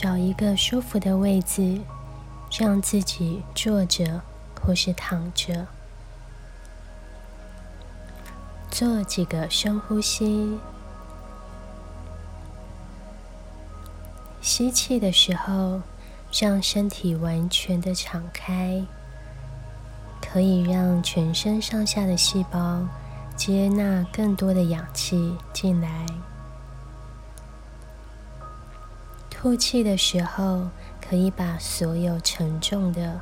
找一個舒服的位置，讓自己坐着或是躺着，做幾個深呼吸。吸氣的時候，讓身體完全的敞開，可以讓全身上下的細胞接納更多的氧氣進來。吐氣的時候，可以把所有沉重的、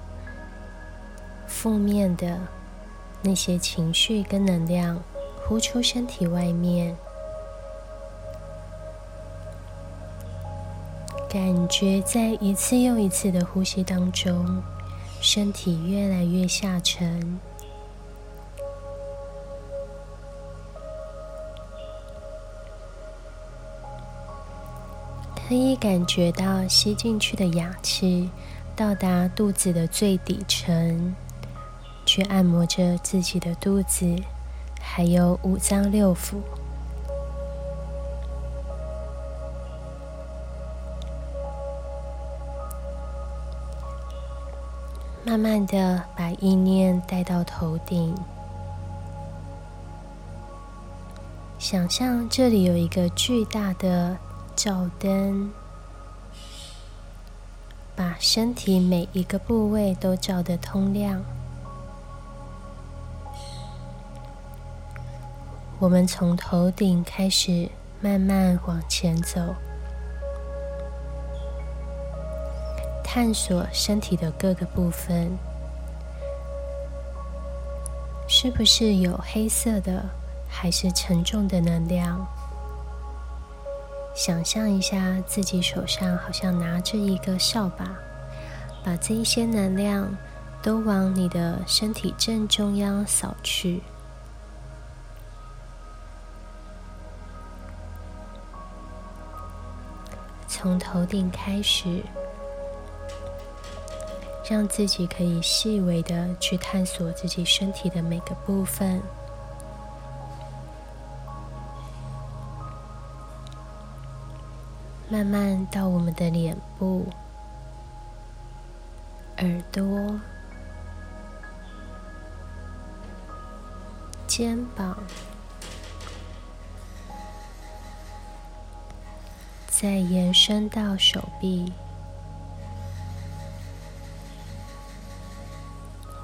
負面的那些情緒跟能量呼出身體外面。感覺在一次又一次的呼吸當中，身體越來越下沉。可以感覺到吸進去的氧氣到達肚子的最底層，去按摩着自己的肚子，還有五臟六腑。慢慢的把意念帶到頭頂，想象這裡有一個巨大的。照燈，把身體每一個部位都照得通亮。我們從頭頂開始，慢慢往前走，探索身體的各個部分，是不是有黑色的，還是沉重的能量。想象一下，自己手上好像拿着一個掃把，把這一些能量都往你的身體正中央掃去，從頭頂開始，讓自己可以細微的去探索自己身體的每個部分。慢慢到我們的臉部、耳朵、肩膀，再延伸到手臂，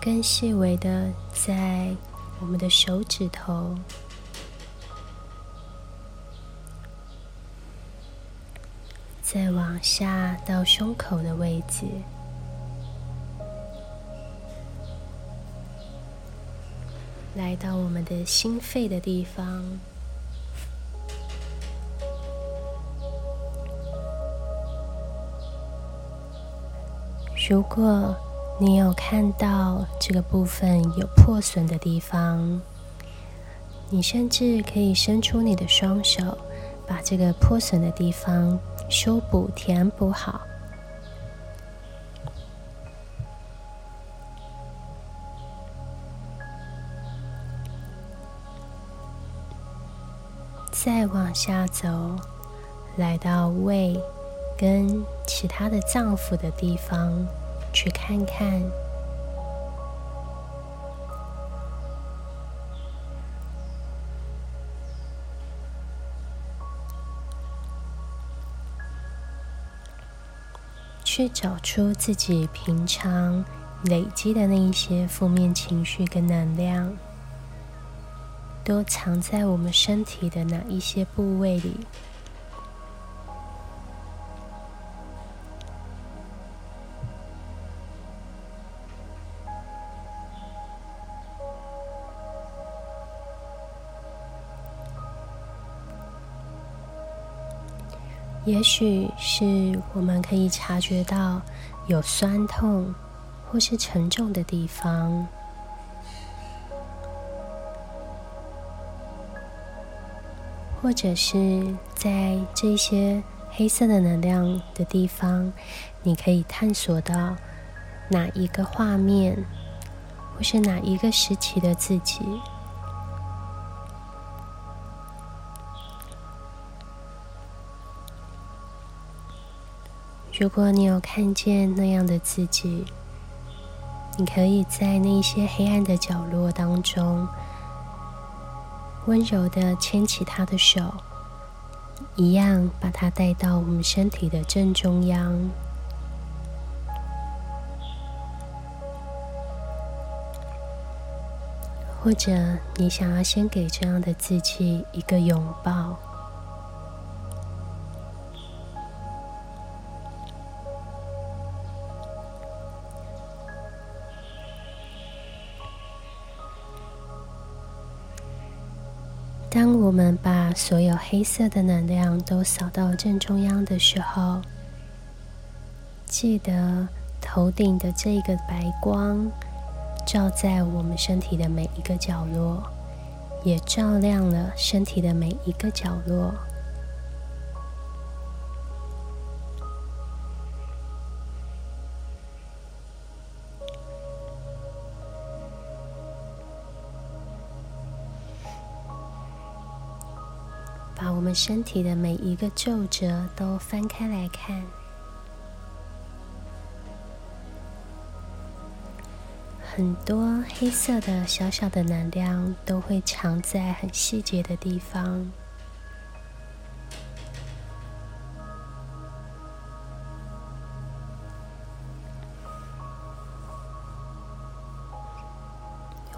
更細微的在我們的手指頭。再往下到胸口的位置，來到我們的心肺的地方。如果你有看到這個部分有破損的地方，你甚至可以伸出你的雙手。把這個破損的地方修補、填補好，再往下走，來到胃跟其他的臟腑的地方去看看。去找出自己平常累積的那一些負面情緒跟能量，都藏在我們身體的哪一些部位裡。也許是我們可以察覺到有酸痛或是沉重的地方，或者是在這些黑色的能量的地方，你可以探索到哪一個畫面，或是哪一個時期的自己。如果你有看見那樣的自己，你可以在那些黑暗的角落當中，溫柔地牽起他的手，一樣把他帶到我們身體的正中央，或者你想要先給這樣的自己一個擁抱。所有黑色的能量都掃到正中央的時候，記得頭頂的這個白光，照在我們身體的每一個角落，也照亮了身體的每一個角落。身體的每一個皺褶都翻開來看，很多黑色的小小的能量都會藏在很細節的地方。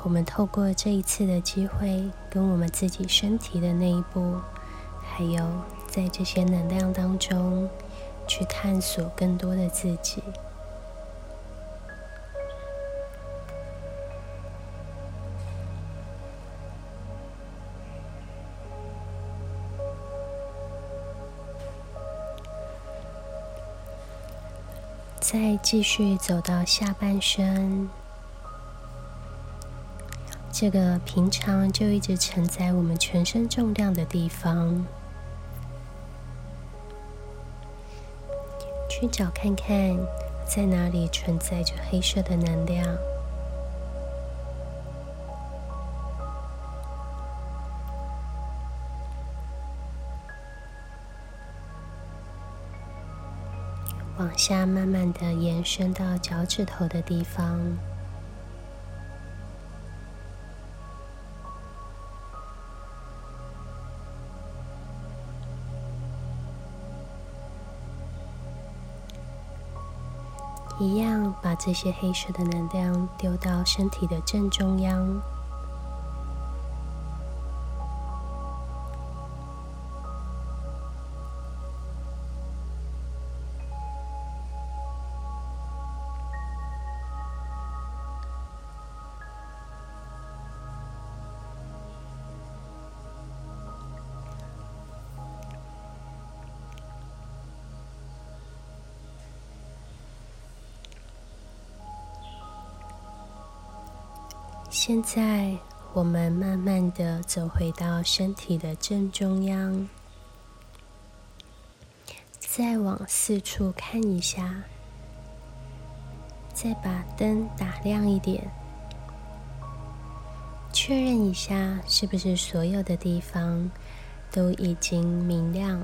我們透過這一次的機會，跟我們自己身體的內部。還有，在這些能量當中去探索更多的自己，再繼續走到下半身，這個平常就一直承載我們全身重量的地方。去找看看，在哪裡存在着黑色的能量，往下慢慢的延伸到腳趾頭的地方。把這些黑色的能量丟到身體的正中央。現在，我們慢慢的走回到身體的正中央，再往四處看一下，再把燈打亮一點，確認一下是不是所有的地方都已經明亮。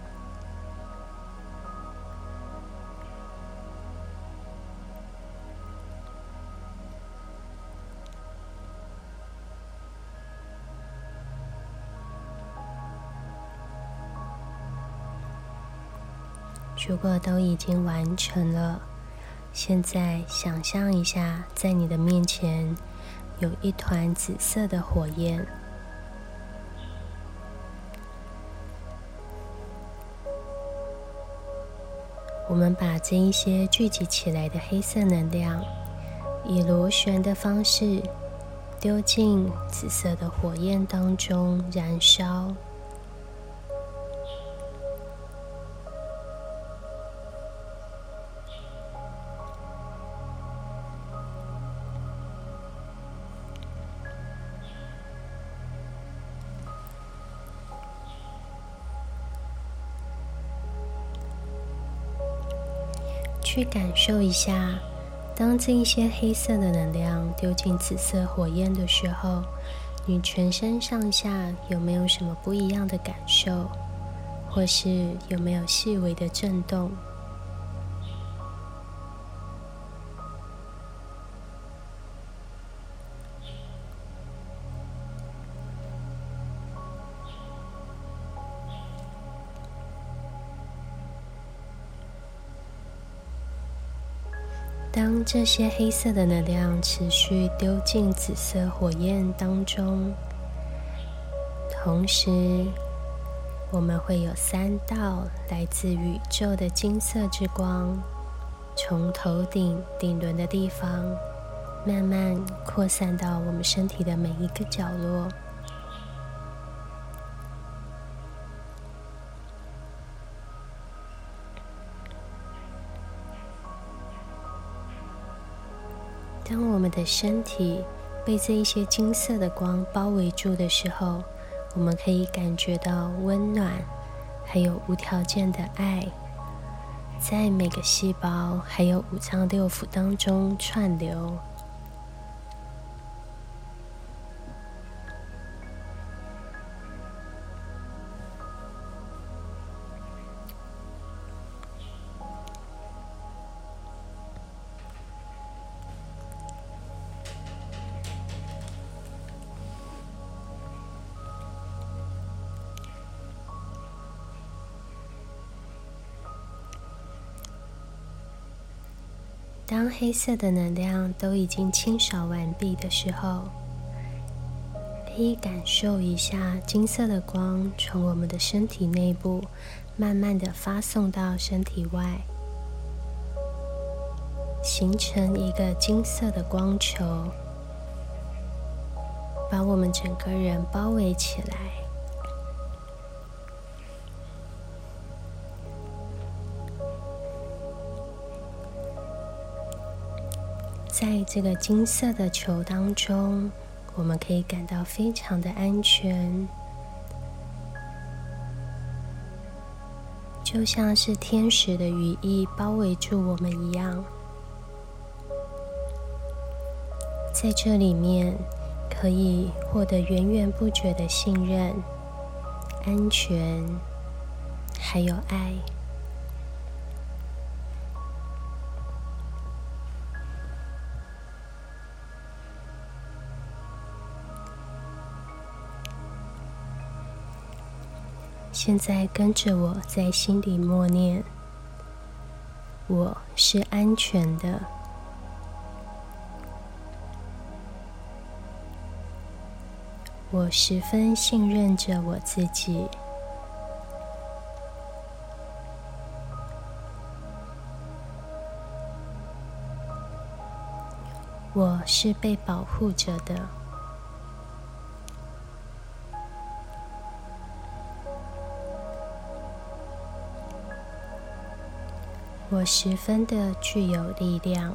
如果都已經完成了，現在想象一下，在你的面前有一團紫色的火焰。我們把這一些聚集起來的黑色能量，以螺旋的方式丟進紫色的火焰當中燃燒。去感受一下，當這一些黑色的能量丟進紫色火焰的時候，你全身上下有沒有什麼不一樣的感受，或是有沒有細微的震動？當這些黑色的能量持續丟進紫色火焰當中，同時，我們會有三道來自宇宙的金色之光，從頭頂頂輪的地方慢慢擴散到我們身體的每一個角落。當我們的身體被這一些金色的光包圍住的時候，我們可以感覺到溫暖，還有無條件的愛，在每個細胞還有五臟六腑當中串流。當黑色的能量都已經清掃完畢的時候，可以感受一下金色的光從我們的身體內部慢慢的發送到身體外，形成一個金色的光球，把我們整個人包圍起來。在這個金色的球當中，我們可以感到非常的安全，就像是天使的羽翼包圍住我們一樣。在這裡面，可以獲得源源不絕的信任、安全，還有愛。現在跟着我在心裡默念：“我是安全的，我十分信任着我自己，我是被保護着的。”我十分的具有力量，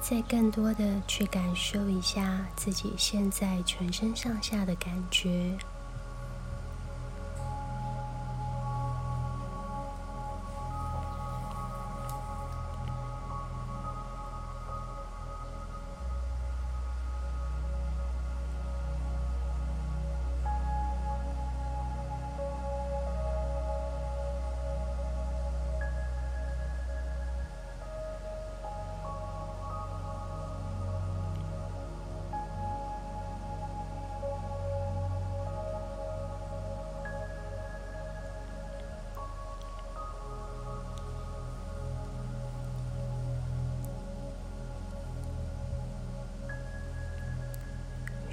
再更多的去感受一下自己現在全身上下的感覺。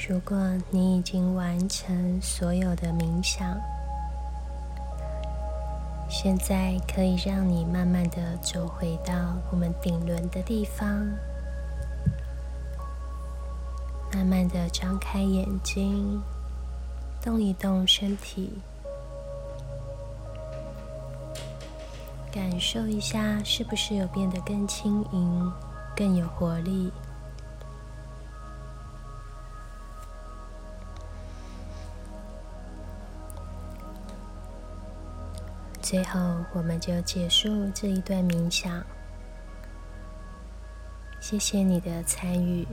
如果你已經完成所有的冥想，現在可以讓你慢慢的走回到我們頂輪的地方，慢慢的張開眼睛，動一動身體，感受一下是不是有變得更輕盈、更有活力。最後，我們就結束這一段冥想。謝謝你的參與。